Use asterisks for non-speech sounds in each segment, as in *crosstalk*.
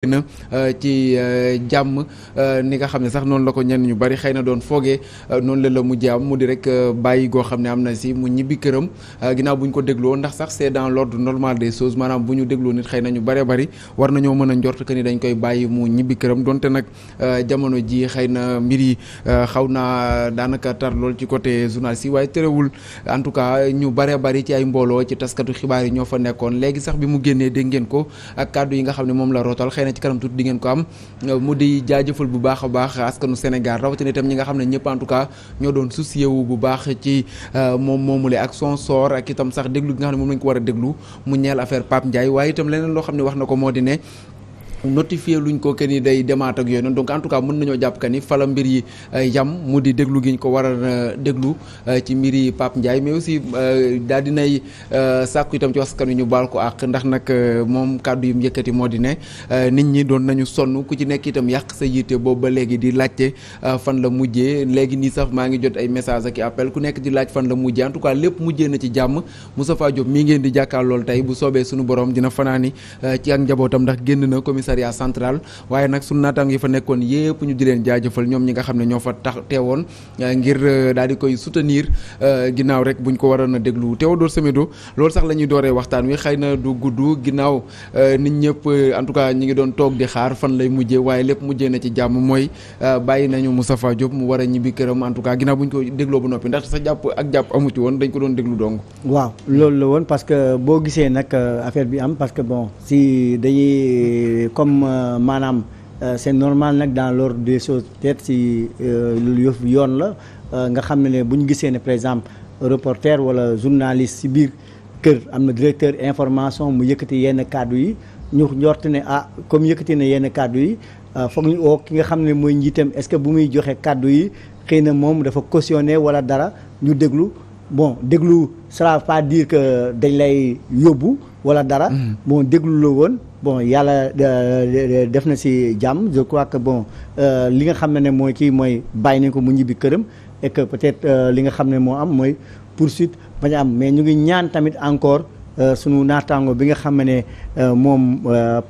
na euh, ci euh, jàmm euh, ni nga xam ne sax noonu la ko ñenn ñu bari xëy na doon foogee noonu la la mujjee jaam mu di rek bàyyi goo xam ne am na si mu ñibbi këram ginnaaw bu ñu ko dégloo ndax sax c'est dans l'ordre normal des choses maanaam bu ñu dégloo nit xëy na ñu bare bari war nañoo mën a njort que ni dañ koy bàyyi mu ñibbi këram donte nag jamono ji xëy na mbir yi xaw naa daanaka tar lool ci côté journaliste yi waaye terewul en tout cas ñu bari bari ci ay mbooloo ci taskatu xibaar yi ñoo fa nekkoon léegi sax bi mu génnee dégg ngeen ko ak yi nga xam ne moom la ne ci kanam tuuti di ngeen ko am euh, mu di jaajëfal bu baax a baax askanu Sénégal rawatina itam ñi nga xam ne ñëpp en tout cas ñoo doon soucié wu bu baax ci euh, moom moomule ak son sort ak itam sax déglu gi nga xam ne moom lañ ko war a déglu mu ñeel affaire Pape Ndiaye waaye itam leneen loo xam ne wax na ko moo di ne notifié luñ ko que ni day demaat ak yooyu noonu donc en tout cas mën nañoo jàpp que ni fala mbir yi euh, yam mu di déglu gi ñu ko war a euh, déglu euh, ci mbir yi Pape Ndiaye mais aussi daal di nay sàkku itam ci askan wi ñu baal ko àq ndax nag moom kàddu yu mu yëkkati moo di ne nit ñi doon nañu sonn ku ci nekk itam yàq sa yiite boobu ba léegi di laajte fan la mujjee léegi nii sax maa ngi jot ay message ak i appel ku nekk di laaj fan la mujjee en tout cas lépp mujjee na ci jàmm Moustapha Diop mii ngeen di jàkkaar lool tey bu soobee suñu borom dina fanaani ci ak njabootam ndax génn commissariat central waaye nag sunu naataango yi fa nekkoon yëpp ñu di leen jaajëfal ñoom ñi nga xam ne ñoo fa tax teewoon euh, ngir euh, daal di koy soutenir euh, ginnaaw rek buñ ko waroon a déglu Théodore Semedo loolu sax la ñuy dooree waxtaan wi xëy na du gudd ginnaaw nit ñëpp en tout cas ñi ngi doon toog di xaar fan lay mujjee waaye lépp mujjee na ci jàmm mooy bàyyi nañu Moustapha Diop mu war a ñibbi këram en tout cas ginnaaw buñ ko dégloo ba noppi ndax sa jàpp ak jàpp amu ci woon ko doon déglu dong waaw loolu la woon parce que am comme euh, maanaam euh, c'est normal nag dans l'ordre des choses peut si euh, lu yëf yoon la nga xam ne ne bu ñu gisee ne par exemple reporter wala journaliste si biir kër am na directeur information mu yëkkati yenn kàddu yi ñu njort ne ah comme yëkkati na yenn kàddu yi foog ñu oo ki nga xam ne mooy njiitam est-ce que bu muy joxee kàddu yi xëy na moom dafa cautionné wala dara ñu déglu bon déglu ça pas dire que dañ lay yóbbu wala dara. Mm-hmm. boo déglu woon bon yàlla def na si jàmm je crois que bon euh, li nga xam ne mooy kii mooy bàyyi nañ ko mu ñibbi këram et peut-être euh, li nga xam ne moo am mooy poursuite bañ am mais ñu ngi ñaan tamit encore euh, sunu naataango bi nga xam ne moom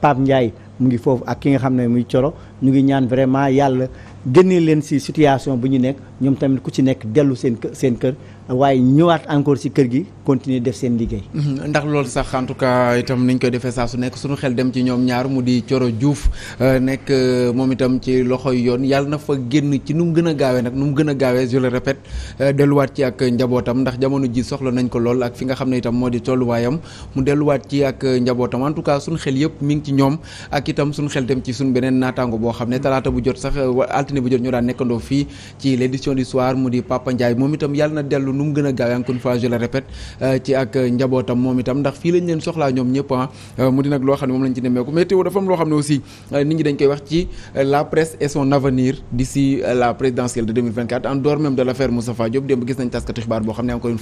Pape Ndiaye mu ngi foofu ak ki nga xam ne muy Coro ñu ngi ñaan vraiment yàlla génne leen si situation bu ñu nekk. ñoom tamit ku ci nekk dellu seen seen kër waaye ñëwaat encore si kër gi continuer def seen liggéey. Mm-hmm. ndax loolu sax en tout cas itam niñ koy defee saa su nekk suñu xel dem ci ñoom ñaar mu di Coro Diouf euh, nekk euh, moom itam ci loxoy yoon yàlla na fa génn ci nu mu gën a gaawee nag nu mu gën a gaawee je le répète euh, delluwaat ci ak njabootam ndax jamono ji soxla nañ ko lool ak fi nga xam ne itam moo di tolluwaayam mu delluwaat ci ak njabootam en tout cas suñu xel yëpp mi ngi ci ñoom ak itam suñu xel dem ci suñu beneen naataango boo xam ne talaata bu jot sax altine bu jot ñu daan nekkandoo fii ci l'édition émission du soir mu di Papa moom itam yàlla na dellu nu mu gën a gaawee encore une fois je le répète euh, ci ak njabootam moom itam ndax fii lañ leen soxlaa ñoom ñëpp ah, euh, mu di nag loo xam ne moom lañ ci nemmeeku mais teew dafa am loo xam ne aussi euh, nit ñi dañ koy wax ci la presse et son avenir d'ici la présidentielle de 2024 en dehors même de l'affaire Moustapha Diop démb gis nañ taskatu xibaar boo xam ne encore une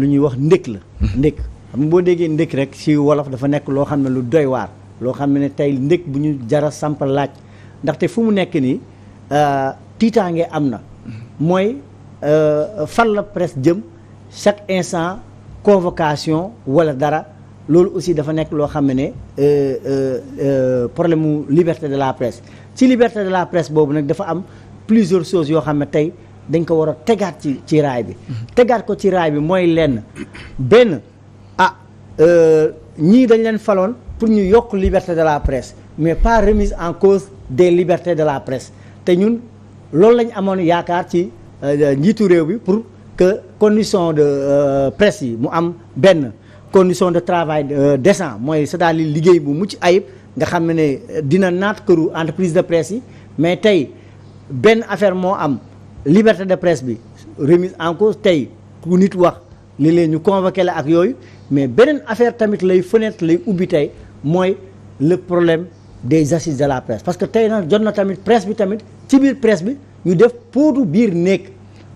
lu ñuy wax ndékk la hmm. ndékk xam nga boo déggee loo xam ne tey ndég bu ñu jara sampal laaj ndaxte fu mu nekk nii euh, tiitaange am na mooy euh, fan la presse jëm chaque instant convocation wala dara loolu aussi dafa nekk loo xam ne euh, problème mu liberté de la presse ci liberté de la presse boobu nag dafa am plusieurs choses yoo xam ne tey dañ ko war a tegaat ci ci raay bi tegaat ko ci raay bi mooy lenn benn ah ñii dañ leen faloon pour ñu yokk liberté de la presse mais pas remise en cause des libertés de la presse te ñun loolu lañ amoon yaakaar ci euh, njiitu réew bi pour que condition de euh, presse yi mu am benn condition de travail de euh, décent mooy c'est-à-dire liggéey bu mucc ayib nga xam ne dina naat këru entreprise de presse yi mais tey benn affaire moo am liberté de presse bi remise en cause tey ku nit wax li leen ñu convoqué la ak yooyu mais beneen affaire tamit lay fenêtre lay ubbi tey mooy le problème des assises de la presse parce que tey nag jot na tamit presse bi tamit ci biir presse bi ñu def pootu biir néeg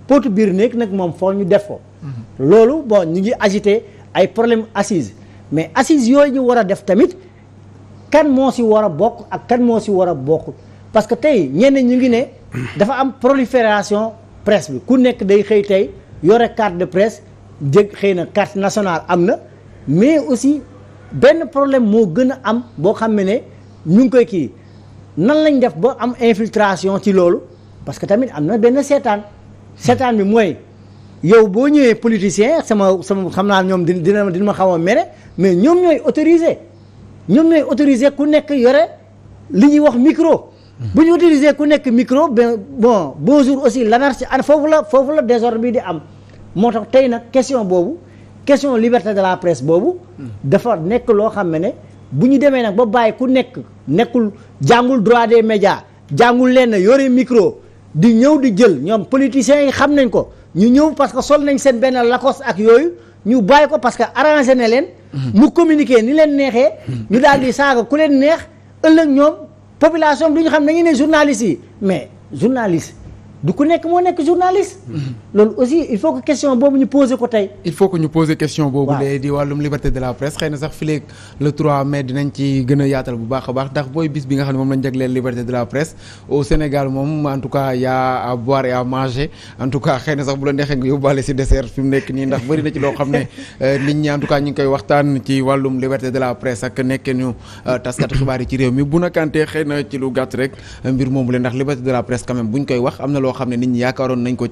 pootu biir néeg nag moom foo ñu def ko. Mhm. loolu bon ñu ngi agité ay problème assises mais assises yooyu ñu war a def tamit kan moo si war a bokk ak kan moo si war a bokk parce que tey ñenn ñu ngi ne. dafa am prolifération presse bi ku nekk day xëy tey yore carte de presse jëg xëy na carte nationale am na mais aussi. benn problème moo gën a am boo xam ne ne ñu ngi koy kii nan lañ def ba am infiltration ci loolu parce que tamit am na benn seetaan seetaan bi mooy yow boo ñëwee politicien sama sama xam naa ñoom di dina ma xaw a mere mais ñoom ñooy autorisé ñoom ñooy autorisé ku nekk yore li ñuy wax micro bu ñu autorisé ku nekk micro bon bonjour aussi l'anarchie an foofu la foofu la désordre bii di am moo tax tey nag question boobu question liberté de la presse boobu. dafa nekk loo xam ne ne bu ñu demee nag ba bàyyi ku nekk nekkul jàngul droit des médias jàngul leen yore micro di ñëw di jël ñoom politiciens yi xam nañ ko ñu ñëw parce que sol nañ seen benn lacoste ak yooyu ñu bàyyi ko parce que arrangé ne leen. mu communiquer ni leen neexee. ñu daal di saaga ku leen neex ëllëg ñoom population bi du ñu xam ñu ne journaliste yi mais journaliste du ku nekk moo nekk journaliste. loolu aussi il faut que question boobu ñu posé ko tey. il faut que ñu posé question boobu. waaw di wàllum liberté de la presse xëy sax fileeg le 3 mai dinañ ci gën a yaatal bu baax a baax ndax booy bis bi nga xam ne moom lañ jagleel liberté de la presse au Sénégal moom en tout cas y a manger en tout cas xëy na sax bu la neexee nga yóbbaale si dessert fi mu nekk nii ndax bëri na ci loo xam ne *laughs* euh, nit ñi en tout koy waxtaan ci wàllum liberté de la presse ak nekkee euh, bu na kantee xëy na ci lu gàtt rek mbir moomu leen ndax liberté de la am ne nit ñi yaakaaroon nañ ko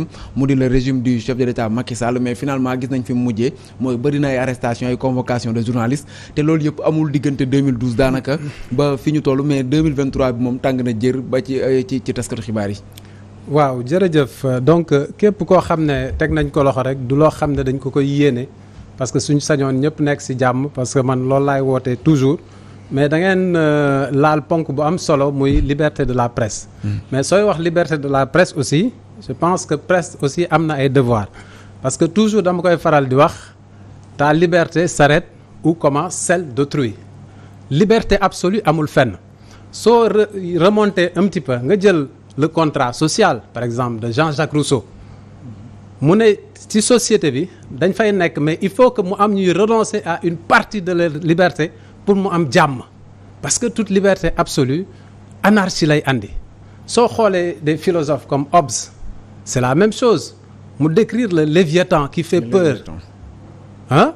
régime mu di le régime du chef de l'état Macky Sall mais finalement gis nañ fi mu mujjee mooy bëri na ay arrestation ay convocation de journalistes te loolu yëpp amul diggante daanaka ba fi ñu toll mais bi moom tàng euh, donc euh, képp koo xam ne teg nañ ko loxo rek du loo xam ne dañ ko koy yéene parce que suñu sañoon ñëpp nekk ci jàmm parce que man loolu laay wootee toujours mais da ngeen euh, laal ponk bu am solo muy liberté de la presse. Hmm. mais sooy wax liberté de la presse aussi je pense que presque aussi am na ay devoir parce que toujours dama koy faral di wax ta liberté s'arrête ou commence celle d'autrui liberté absolue amul fenn soo remonter un petit peu nga jël le contrat social par exemple de Jean-Jacques Rousseau mu ne ci société bi dañ fay nekk mais il faut que mu am ñuy renoncer à une partie de la liberté pour mu am jàmm parce que toute liberté absolue anarchie lay andi soo xoolee des philosophes comme Hobbes c'est la même chose mu décrire le Léviathan qui fait le peur ah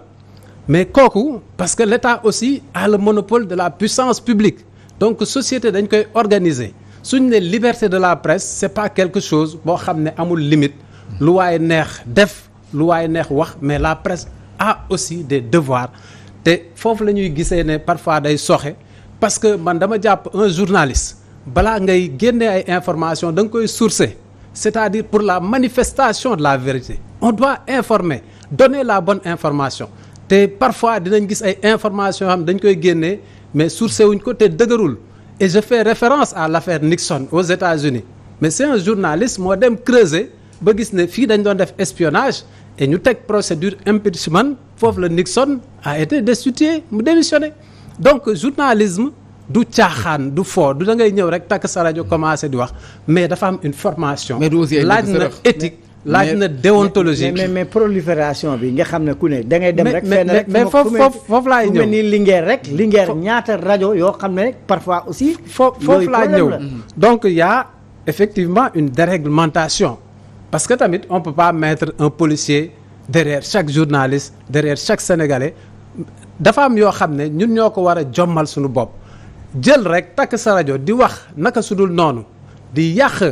mais kooku parce que l'État aussi a le monopole de la puissance publique donc société dañ koy organiser suñ ne liberté de la presse c'est pas quelque chose boo xam ne amul limite lu waaye neex def lu waaye neex wax mais la presse a aussi des devoirs te foofu la ñuy gisee ne parfois day soxe parce que man dama jàpp un journaliste balaa ngay génne ay information da nga koy sourcer c'est-à-dire pour la manifestation de la vérité on doit informer donner la bonne information te parfois dinañ gis ay informations yoo xam dañ koy génnee mais sourcé wuñ ko te dëgërul et je fais référence à l'affaire Nixon aux États-Unis mais c'est un journaliste moo dem creuser ba gis ne fii dañ doon def espionage et ñu teg procédure impeachment foofu la Nixon a été destitué mu démissionné donc journalisme du caaxaan du foo du da ngay ñëw rek takk sa rajo commencé di wax mais dafa am une formation. laaj na éthique. laaj na déontologie mais mais prolifération bi nga xam ne ku ne da ngay dem rek. fenn rek mais foofu foofu laay ñëw ni Linguère rek. Mm. Linguère ñaata rajo yoo xam ne parfois aussi. foofu foofu laay ñëw mm. donc y effectivement une déréglementation parce que tamit on peut pas mettre un policier derrière chaque journaliste derrière chaque sénégalais dafa am yoo xam ne ñun ñoo ko war a jommal sunu bopp. jël rek takk sa rajo di wax naka su dul noonu di yàq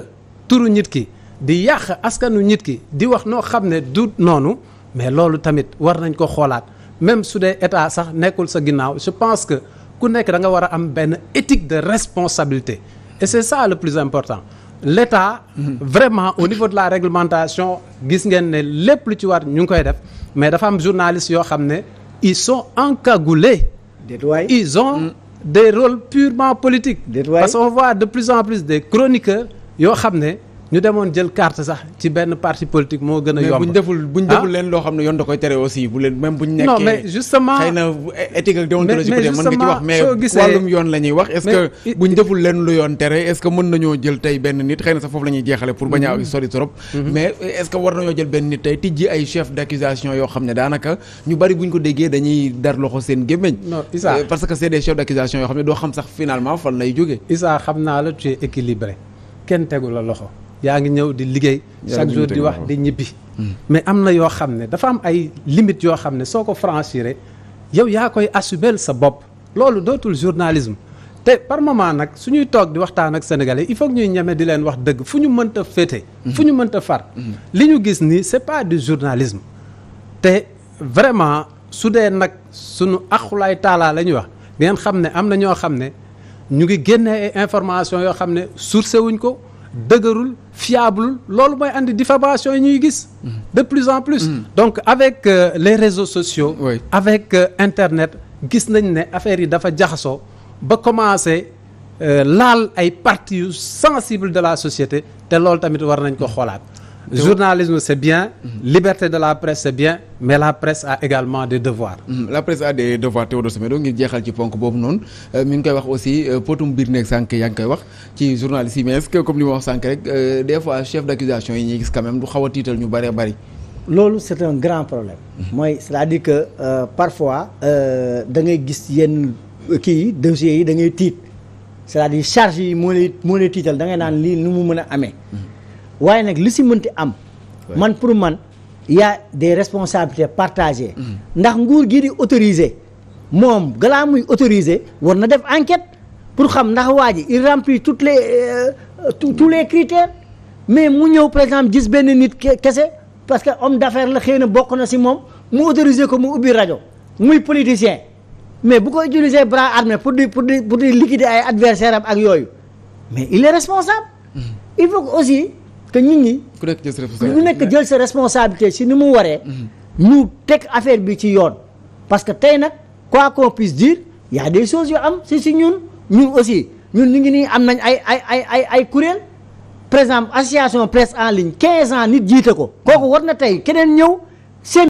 turu nit ki di yàq askanu nit ki di wax noo xam ne du noonu mais loolu tamit war nañ ko xoolaat même su dee état sax nekkul sa ginnaaw je pense que ku nekk da nga war a am benn éthique de responsabilité et c'est ça le plus important l'État mm-hmm. vraiment au niveau de la réglementation gis ngeen ne lépp lu ci war ñu ngi koy def mais dafa am journalistes yoo xam ne ils sont encagoulés ils ont mm. des rôles purement politiques. parce qu'on voit de plus en plus des chroniqueurs yoo xam ne. ñu demoon jël carte sax ci benn parti politique moo gën a yomb buñ deful buñ ah? deful leen loo xam ne yoon da koy tere aussi bu leen même buñ nekkee non mais justement mais wàllum yoon la ñuy wax est-ce buñ deful leen lu yoon tere est que mën nañoo jël tey benn nit xëy na sax foofu la ñuy jeexale pour bañ a mm-hmm. sori trop mm-hmm. mais est-ce que war nañoo jël benn nit tey tijji ay chef d'accusation yoo xam ne daanaka ñu bari buñ ko déggee dañuy dar loxo seen gémmiñ euh, parce que c'est des chefs xam ne doo xam sax finalement fan lay jógee Issa xam naa la tu es équilibré kenn tegu la loxo yaa ngi ñëw di liggéey chaque jour di wax di ñibbi hmm. mais am na yoo xam ne dafa am ay limites yoo xam ne soo ko franchiré yow yaa koy assumer sa bopp loolu dootul journalisme te par moment nag suñuy toog di waxtaan ak sénégalais il faut ñuy ñeme di leen wax dëgg fu ñu mënta féete hmm. fu ñu mënta far hmm. li ñu gis ni c'est pas du journalisme te vraiment su dee nag suñu axulaay taalaa la ñuy wax ngeen xam ne am na ñoo xam ne ñu ngi génnee information yoo xam ne sourcé wuñ ko dëgërul fiable loolu mooy andi diffamation yi ñuy gis. Mm-hmm. de plus en plus. Mm-hmm. donc avec euh, les réseaux sociaux. avec euh, internet gis nañ ne affaire yi dafa jaxasoo ba commencé euh, laal ay parties yu sensibles de la société te loolu tamit war nañ ko xoolaat. journalisme c'est bien mhm. liberté de la presse c'est bien mais la presse a également des devoirs mhm. la presse a des devoirs Théodore Semedo ngir jeexal ci ponk boobu noonu euh, mi ngi koy wax aussi euh, potum biir nekk sànq yaa ngi koy wax ci journaliste yi mais est comme li ma wax sànq rek euh, des fois chef d'accusation yi ñuy gis quand même du xaw a tiital ñu bare bari loolu c'est un grand problème mhm. mooy c'est-à-dire que euh, parfois da ngay gis yenn kii dossiers yi da ngay tiit cest à charge yi moo lay moo lay tiital naan lii nu mu mën a amee waaye nag lu si mënti am man pour man y a des responsabilités partagées mm. ndax nguur gii di autorisé moom galaa muy autorisé war na def enquête pour xam ndax waa ji il remplit toutes les euh, tous les critères mais mu ñëw par exemple gis benn nit kese parce que homme d'affaires la xëy na bokk na si moom mu autorisé ko mu ubbi rajo muy politicien mais bu ko utiliser bras armé pour di pour di pour di liquider ay adversaire am ak yooyu mais il est responsable mm. il faut que que ñu ngi ku nekk jël sa responsabilité nekk jël sa responsabilité si ni mu waree. Mhm. ñu teg affaire bi ci yoon. parce que tey nag quoi qu'on puisse dire y a des choses am si si ñun ñun aussi ñun ñu ngi nii am nañ ay ay ay ay ay kuréel par exemple association presse en ligne 15 ans nit jiite ko kooku war na tey keneen ñëw seen.